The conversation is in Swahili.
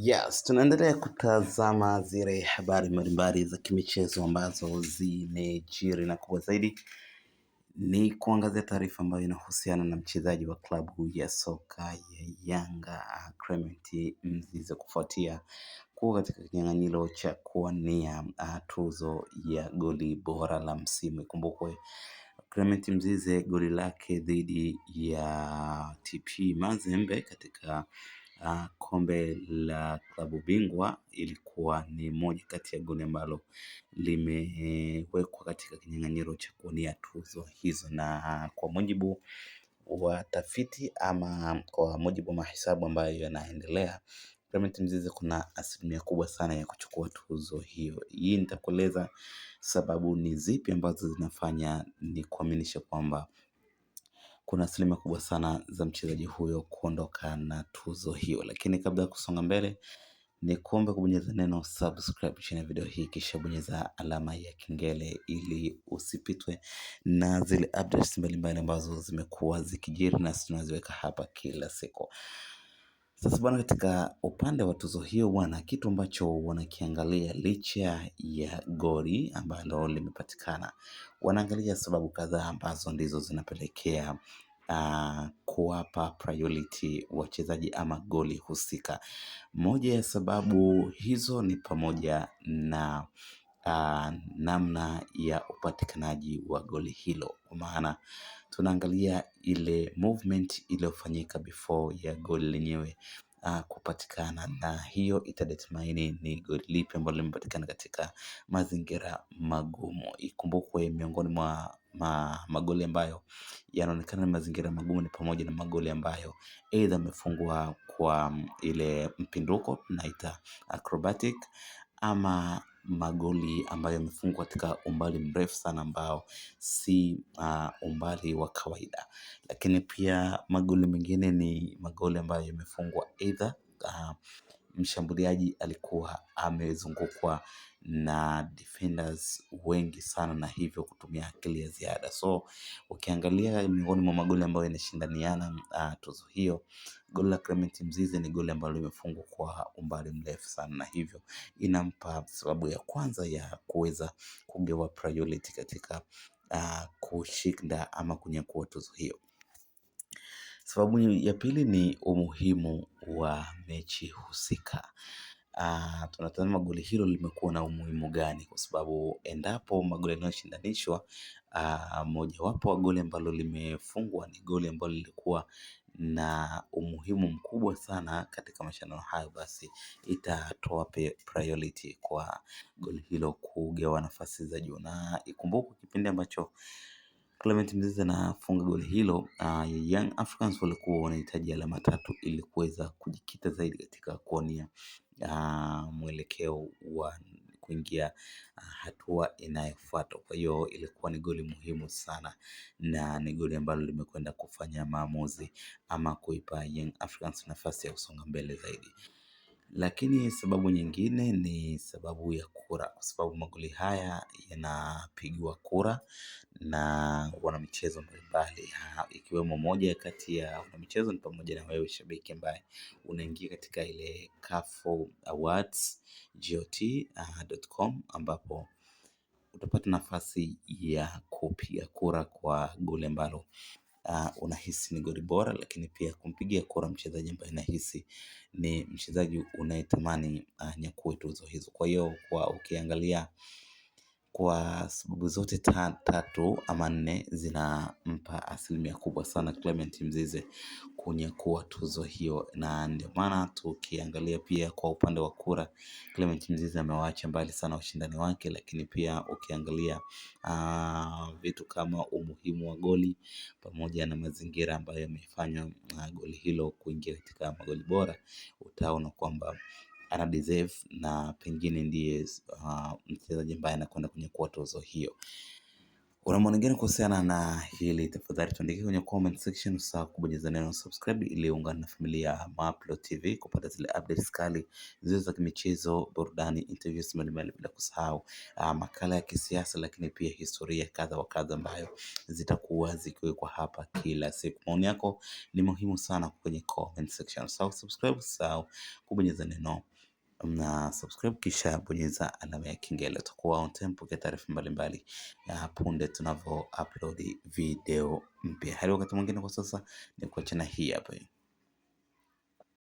Yes, tunaendelea kutazama zile habari mbalimbali za kimichezo ambazo zimejiri, na kubwa zaidi ni kuangazia taarifa ambayo inahusiana na mchezaji wa klabu ya soka ya Yanga Clement Mzize kufuatia kuwa katika kinyang'anyiro cha kuwania ah, tuzo ya goli bora la msimu. Ikumbukwe Clement Mzize goli lake dhidi ya TP Mazembe katika Ah, kombe la klabu bingwa ilikuwa ni moja kati ya goli ambalo limewekwa katika kinyang'anyiro cha kuonia tuzo hizo, na kwa mujibu wa tafiti ama kwa mujibu wa mahesabu ambayo yanaendelea Clement Mzize kuna asilimia kubwa sana ya kuchukua tuzo hiyo. Hii nitakueleza sababu ni zipi ambazo zinafanya ni kuaminisha kwamba kuna asilimia kubwa sana za mchezaji huyo kuondoka na tuzo hiyo. Lakini kabla ya kusonga mbele, ni kuombe kubonyeza neno subscribe chini ya video hii, kisha bonyeza alama ya kengele ili usipitwe na zile updates mbalimbali ambazo zimekuwa zikijiri na tunaziweka hapa kila siku. Sasa bwana, katika upande wa tuzo hiyo bwana, kitu ambacho wanakiangalia licha ya goli ambalo limepatikana, wanaangalia sababu kadhaa ambazo ndizo zinapelekea uh, kuwapa priority wachezaji ama goli husika. Moja ya sababu hizo ni pamoja na uh, namna ya upatikanaji wa goli hilo kwa maana tunaangalia ile movement iliyofanyika before ya goli lenyewe uh, kupatikana na hiyo itadetermine ni goli lipi ambalo limepatikana katika mazingira magumu. Ikumbukwe miongoni mwa ma, magoli ambayo yanaonekana ni mazingira magumu ni pamoja na magoli ambayo aidha amefungwa kwa mm, ile mpinduko tunaita acrobatic ama magoli ambayo yamefungwa katika umbali mrefu sana ambao si uh, umbali wa kawaida. Lakini pia magoli mengine ni magoli ambayo yamefungwa eidha uh, mshambuliaji alikuwa amezungukwa na defenders wengi sana, na hivyo kutumia akili ya ziada. So ukiangalia miongoni mwa magoli ambayo yanashindaniana uh, tuzo hiyo, goli la Clement Mzize ni goli ambalo limefungwa kwa umbali mrefu sana, na hivyo inampa sababu ya kwanza ya kuweza kugewa priority katika uh, kushinda ama kunyakua tuzo hiyo. Sababu ya pili ni umuhimu wa mechi husika. Uh, tunatazama goli hilo limekuwa na umuhimu gani, kwa sababu endapo magoli yanayoshindanishwa, uh, ah, mojawapo wa goli ambalo limefungwa ni goli ambalo lilikuwa na umuhimu mkubwa sana katika mashindano hayo, basi itatoa priority kwa goli hilo kugawa nafasi za juu, na ikumbukwe kipindi ambacho Clement Mzize anafunga goli hilo, uh, Young Africans walikuwa wanahitaji alama tatu ili kuweza kujikita zaidi katika kuonia uh, ah, mwelekeo wa kuingia uh, hatua inayofuata. Kwa hiyo ilikuwa ni goli muhimu sana, na ni goli ambalo limekwenda kufanya maamuzi ama kuipa Young Africans nafasi ya kusonga mbele zaidi. Lakini sababu nyingine ni sababu ya kura, kwa sababu magoli haya yanapigiwa kura na wanamichezo mbalimbali, ikiwemo moja kati ya wanamichezo ni pamoja na wewe shabiki ambaye unaingia katika ile Kafu Awards GOT.com ah, ambapo utapata nafasi ya kupiga kura kwa goli ambalo Uh, unahisi ni goli bora, lakini pia kumpigia kura mchezaji ambaye unahisi ni mchezaji unayetamani uh, nyakuwe tuzo hizo. Kwa hiyo kwa ukiangalia kwa sababu zote tatu ama nne zinampa asilimia kubwa sana Clement Mzize kunyakua tuzo hiyo, na ndio maana tukiangalia pia kwa upande wa kura, Clement Mzize amewaacha mbali sana washindani wake, lakini pia ukiangalia uh, vitu kama umuhimu wa goli pamoja na mazingira ambayo yamefanywa uh, goli hilo kuingia katika magoli bora, utaona kwamba ana deserve na pengine ndiye uh, mchezaji ambaye anakwenda kwenye kuwa tozo hiyo. Una maoni gani kuhusiana na hili? Tafadhali tuandike kwenye comment section, usisahau kubonyeza neno subscribe ili uungane na familia ya Mapro TV kupata zile updates kali zile za kimichezo, burudani, interviews mbalimbali, bila kusahau uh, makala ya kisiasa, lakini pia historia kadha wa kadha ambayo zitakuwa zikiwekwa hapa kila siku. Maoni yako ni muhimu sana kwenye comment section, usisahau subscribe, usisahau kubonyeza neno mna subscribe kisha bonyeza alama ya kengele, utakuwa on time pokea taarifa mbalimbali ya punde tunavyo upload video mpya. Hadi wakati mwingine, kwa sasa ni kuachana hii hapa.